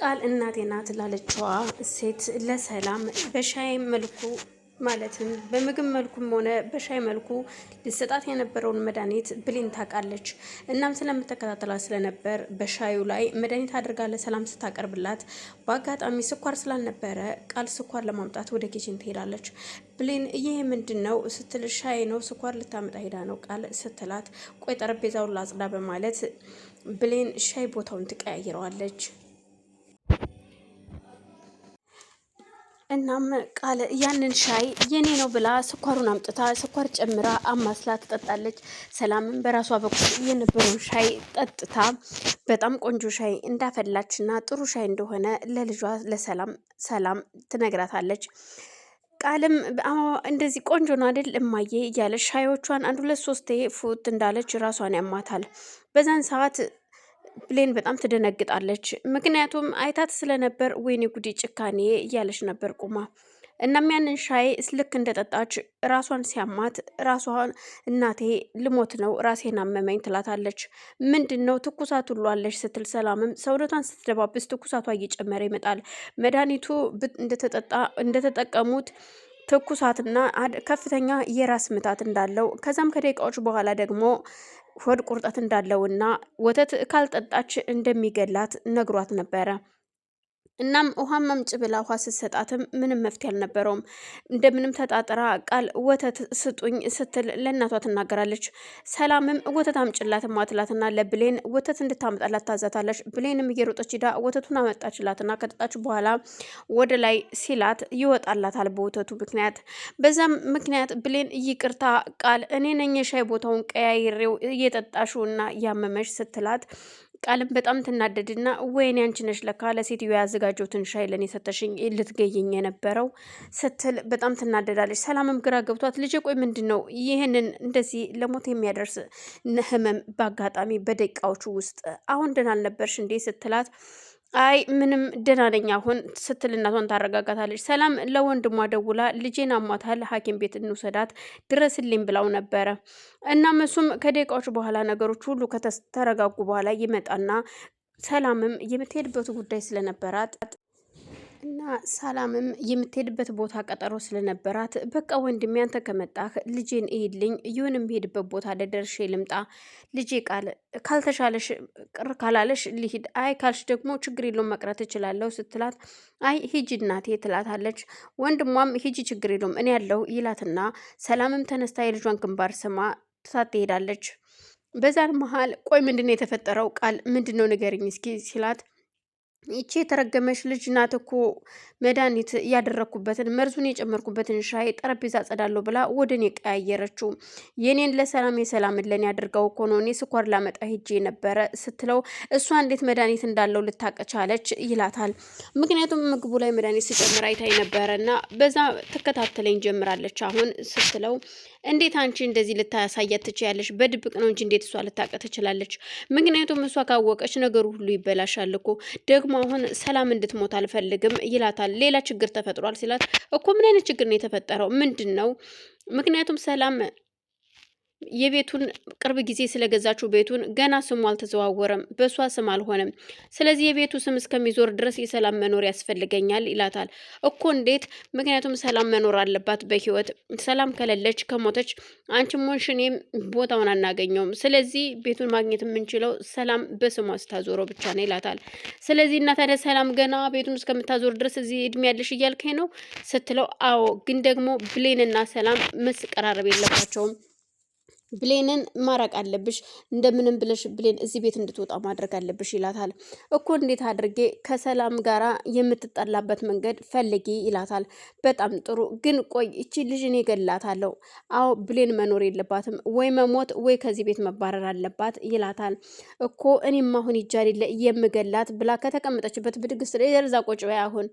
ቃል እናቴ ናት ላለችዋ ሴት ለሰላም በሻይ መልኩ ማለትም በምግብ መልኩም ሆነ በሻይ መልኩ ልሰጣት የነበረውን መድኃኒት ብሌን ታውቃለች። እናም ስለምትከታተላት ስለነበር በሻዩ ላይ መድኃኒት አድርጋ ለሰላም ስታቀርብላት በአጋጣሚ ስኳር ስላልነበረ ቃል ስኳር ለማምጣት ወደ ኬችን ትሄዳለች። ብሌን ይህ ምንድን ነው ስትል ሻይ ነው ስኳር ልታመጣ ሄዳ ነው ቃል ስትላት ቆይ ጠረጴዛውን ላጽዳ በማለት ብሌን ሻይ ቦታውን ትቀያይረዋለች። እናም ቃል ያንን ሻይ የኔ ነው ብላ ስኳሩን አምጥታ ስኳር ጨምራ አማስላ ትጠጣለች። ሰላምን በራሷ በኩል የነበረውን ሻይ ጠጥታ በጣም ቆንጆ ሻይ እንዳፈላች ጥሩ ሻይ እንደሆነ ለልጇ ለሰላም ሰላም ትነግራታለች። ቃልም እንደዚህ ቆንጆ ነው አይደል እማዬ እያለች ሻዮቿን አንድ ሁለት ሶስቴ ፉት እንዳለች ራሷን ያማታል። በዛን ሰዓት ብሌን በጣም ትደነግጣለች። ምክንያቱም አይታት ስለነበር ወይኔ ጉዴ ጭካኔ እያለች ነበር ቁማ። እናም ያንን ሻይ ልክ እንደጠጣች ራሷን ሲያማት ራሷን እናቴ ልሞት ነው ራሴን አመመኝ ትላታለች። ምንድን ነው ትኩሳት ሁሏለች ስትል ሰላምም ሰውነቷን ስትደባብስ ትኩሳቷ እየጨመረ ይመጣል። መድኃኒቱ እንደተጠቀሙት ትኩሳትና ከፍተኛ የራስ ምታት እንዳለው ከዛም ከደቂቃዎች በኋላ ደግሞ ሆድ ቁርጠት እንዳለውና ወተት ካልጠጣች እንደሚገላት ነግሯት ነበረ። እናም ውሃ መምጭ ብላ ውሃ ስትሰጣትም ምንም መፍትሄ አልነበረውም። እንደምንም ተጣጥራ ቃል ወተት ስጡኝ ስትል ለእናቷ ትናገራለች። ሰላምም ወተት አምጭላት ማትላትና ለብሌን ወተት እንድታመጣላት ታዛታለች። ብሌንም እየሮጠች ሂዳ ወተቱን አመጣችላትና ከጠጣች በኋላ ወደ ላይ ሲላት ይወጣላታል በወተቱ ምክንያት። በዛም ምክንያት ብሌን ይቅርታ ቃል እኔ ነኝ የሻይ ቦታውን ቀያይሬው እየጠጣሹና ያመመሽ ስትላት ቃልም በጣም ትናደድና ወይኔ አንቺ ነሽ ለካ ለሴትዮ ያዘጋጀሁትን ሻይ ለኔ ሰጠሽኝ ልትገይኝ የነበረው ስትል በጣም ትናደዳለች። ሰላምም ግራ ገብቷት ልጄ ቆይ ምንድን ነው ይህንን እንደዚህ ለሞት የሚያደርስ ህመም በአጋጣሚ በደቂቃዎቹ ውስጥ አሁን ደህና አልነበርሽ እንዴ ስትላት አይ ምንም ደህና ነኝ አሁን ስትል እናቷን ታረጋጋታለች። ሰላም ለወንድሟ ደውላ ልጄን አሟታል ሐኪም ቤት እንውሰዳት ድረስልኝ ብላው ነበረ። እናም እሱም ከደቂቃዎች በኋላ ነገሮች ሁሉ ከተረጋጉ በኋላ ይመጣና ሰላምም የምትሄድበት ጉዳይ ስለነበራት እና ሰላምም የምትሄድበት ቦታ ቀጠሮ ስለነበራት በቃ ወንድም ያንተ ከመጣህ ልጄን እሄድልኝ ይሁን የምሄድበት ቦታ ለደርሼ ልምጣ ልጄ ቃል ካልተሻለሽ ቅር ካላለሽ ልሂድ፣ አይ ካልሽ ደግሞ ችግር የለውም መቅረት እችላለሁ ስትላት አይ ሂጂ እናቴ ትላታለች። ወንድሟም ሂጂ ችግር የለውም እኔ ያለው ይላትና ሰላምም ተነስታ የልጇን ግንባር ስማ ትታት ትሄዳለች። በዛን መሀል ቆይ ምንድነው የተፈጠረው ቃል ምንድነው ንገርኝ እስኪ ሲላት ይቺ የተረገመች ልጅ ናት እኮ መድኃኒት ያደረግኩበትን መርዙን የጨመርኩበትን ሻይ ጠረጴዛ ጸዳለሁ ብላ ወደ እኔ ቀያየረችው። የኔን ለሰላም የሰላም ለን ያደርገው እኮ ነው እኔ ስኳር ላመጣ ሄጄ ነበረ ስትለው እሷ እንዴት መድኃኒት እንዳለው ልታቀቻለች ይላታል። ምክንያቱም ምግቡ ላይ መድኃኒት ስጨምር አይታይ ነበረ እና በዛ ትከታተለኝ ጀምራለች አሁን ስትለው እንዴት አንቺ እንደዚህ ልታሳያት ትችያለሽ? በድብቅ ነው እንጂ እንዴት እሷ ልታቀ ትችላለች? ምክንያቱም እሷ ካወቀች ነገሩ ሁሉ ይበላሻል እኮ ደግሞ ደግሞ አሁን ሰላም እንድትሞት አልፈልግም ይላታል። ሌላ ችግር ተፈጥሯል ሲላት እኮ ምን አይነት ችግር ነው የተፈጠረው? ምንድን ነው? ምክንያቱም ሰላም የቤቱን ቅርብ ጊዜ ስለገዛችው ቤቱን ገና ስሙ አልተዘዋወረም፣ በእሷ ስም አልሆነም። ስለዚህ የቤቱ ስም እስከሚዞር ድረስ የሰላም መኖር ያስፈልገኛል ይላታል። እኮ እንዴት? ምክንያቱም ሰላም መኖር አለባት በህይወት። ሰላም ከሌለች ከሞተች፣ አንቺም ሆንሽ እኔም ቦታውን አናገኘውም። ስለዚህ ቤቱን ማግኘት የምንችለው ሰላም በስሟ ስታዞረው ብቻ ነው ይላታል። ስለዚህ እና ታዲያ ሰላም ገና ቤቱን እስከምታዞር ድረስ እዚህ እድሜ ያለሽ እያልከኝ ነው ስትለው፣ አዎ ግን ደግሞ ብሌንና ሰላም መስቀራረብ የለባቸውም ብሌንን ማራቅ አለብሽ፣ እንደምንም ብለሽ ብሌን እዚህ ቤት እንድትወጣ ማድረግ አለብሽ ይላታል። እኮ እንዴት አድርጌ ከሰላም ጋራ የምትጠላበት መንገድ ፈልጊ ይላታል። በጣም ጥሩ ግን ቆይ እቺ ልጅ እኔ ገላታለሁ። አዎ ብሌን መኖር የለባትም ወይ መሞት ወይ ከዚህ ቤት መባረር አለባት ይላታል። እኮ እኔም አሁን ይጃሌለ የምገላት ብላ ከተቀመጠችበት ብድግ ስለ የርዛ ቆጭ በይ አሁን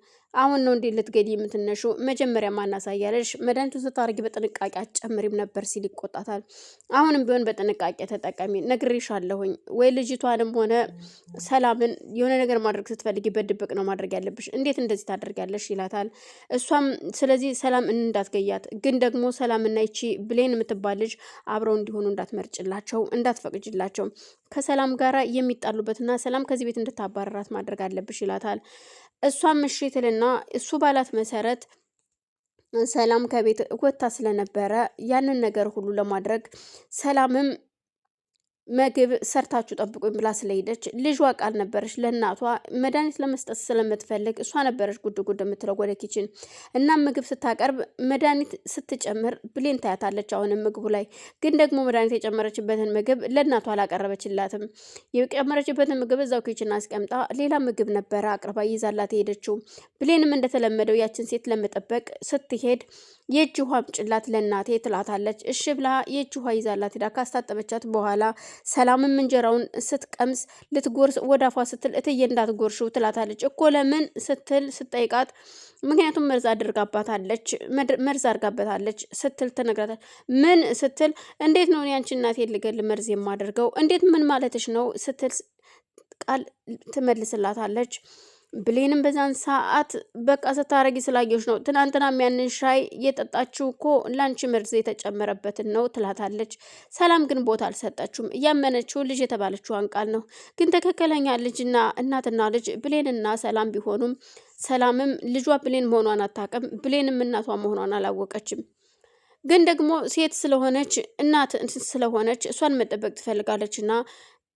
አሁን ነው እንዴ ልትገድ የምትነሹ? መጀመሪያ ማናሳያለሽ መድኃኒቱ ስታርጊ በጥንቃቄ አጨምሪም ነበር ሲል ይቆጣታል። አሁንም ቢሆን በጥንቃቄ ተጠቀሚ። ነግሬሻለሁኝ ወይ ልጅቷንም ሆነ ሰላምን የሆነ ነገር ማድረግ ስትፈልጊ በድብቅ ነው ማድረግ ያለብሽ፣ እንዴት እንደዚህ ታደርጊያለሽ ይላታል። እሷም ስለዚህ ሰላም እንዳትገያት፣ ግን ደግሞ ሰላምና ይቺ ብሌን የምትባል ልጅ አብረው እንዲሆኑ እንዳትመርጭላቸው፣ እንዳትፈቅጅላቸው ከሰላም ጋር የሚጣሉበትና ሰላም ከዚህ ቤት እንድታባረራት ማድረግ አለብሽ ይላታል። እሷም ምሽትልና እሱ ባላት መሰረት ሰላም ከቤት ወጥታ ስለነበረ ያንን ነገር ሁሉ ለማድረግ ሰላምም ምግብ ሰርታችሁ ጠብቁኝ ብላ ስለሄደች ልጇ ቃል ነበረች ለእናቷ መድኃኒት ለመስጠት ስለምትፈልግ እሷ ነበረች ጉድ ጉድ የምትለው ወደ ኪችን። እና ምግብ ስታቀርብ መድኃኒት ስትጨምር ብሌን ታያታለች። አሁንም ምግቡ ላይ ግን ደግሞ መድኃኒት የጨመረችበትን ምግብ ለእናቷ አላቀረበችላትም። የጨመረችበትን ምግብ እዛው ኪችን አስቀምጣ ሌላ ምግብ ነበረ አቅርባ ይዛላት ሄደችው። ብሌንም እንደተለመደው ያችን ሴት ለመጠበቅ ስትሄድ የእጅ ውሃ ምጭላት ለእናቴ ትላታለች። እሺ ብላ የእጅ ውሃ ይዛላት ሄዳ ካስታጠበቻት በኋላ ሰላምም እንጀራውን ስትቀምስ ልትጎርስ አፏ ስትል እትዬ እንዳትጎርሽው ትላታለች። እኮ ለምን ስትል ስጠይቃት ምክንያቱም መርዝ አድርጋባታለች መርዝ አድርጋበታለች ስትል ትነግራታለች። ምን ስትል እንዴት ነው ያንቺ እናቴ ልገል መርዝ የማደርገው እንዴት ምን ማለትሽ ነው ስትል ቃል ትመልስላታለች። ብሌንም በዛን ሰዓት በቃ ስታረጊ ስላየች ነው ትናንትና ያንን ሻይ የጠጣችው እኮ ላንቺ መርዝ የተጨመረበትን ነው ትላታለች። ሰላም ግን ቦታ አልሰጠችውም። እያመነችው ልጅ የተባለችዋን ቃል ነው። ግን ትክክለኛ ልጅና እናትና ልጅ ብሌንና ሰላም ቢሆኑም ሰላምም ልጇ ብሌን መሆኗን አታውቅም፣ ብሌንም እናቷ መሆኗን አላወቀችም። ግን ደግሞ ሴት ስለሆነች እናት ስለሆነች እሷን መጠበቅ ትፈልጋለች እና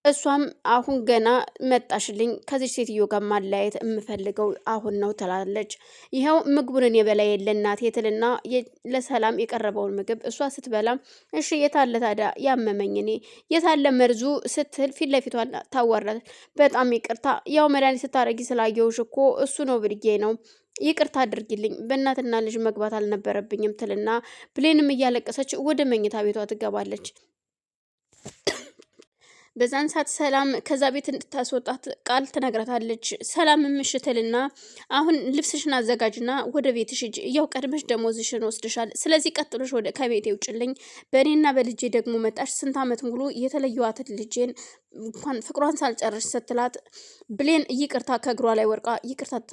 እሷም አሁን ገና መጣሽልኝ ከዚች ሴትዮ ጋር ማለያየት የምፈልገው አሁን ነው ትላለች። ይኸው ምግቡንን የበላ የለ እናቴ ትልና ለሰላም የቀረበውን ምግብ እሷ ስትበላ እሺ የታለ ታዲያ ያመመኝ እኔ የታለ መርዙ ስትል ፊት ለፊቷን ታወራል። በጣም ይቅርታ ያው መድኃኒት ስታረጊ ስላየውሽ እኮ እሱ ነው ብድጌ ነው ይቅርታ አድርጊልኝ በእናትና ልጅ መግባት አልነበረብኝም ትልና ብሌንም እያለቀሰች ወደ መኝታ ቤቷ ትገባለች። በዛን ሰዓት ሰላም ከዛ ቤት እንድታስወጣት ቃል ትነግራታለች። ሰላም ምሽትልና አሁን ልብስሽን አዘጋጅና ወደ ቤትሽ ሂጂ፣ ያው ቀድመሽ ደሞዝሽን ወስድሻል። ስለዚህ ቀጥሎሽ ወደ ከቤቴ ውጭልኝ። በእኔና በልጄ ደግሞ መጣሽ። ስንት ዓመት ሙሉ የተለየዋትን ልጄን እንኳን ፍቅሯን ሳልጨርሽ ስትላት ብሌን ይቅርታ ከእግሯ ላይ ወርቃ ይቅርታ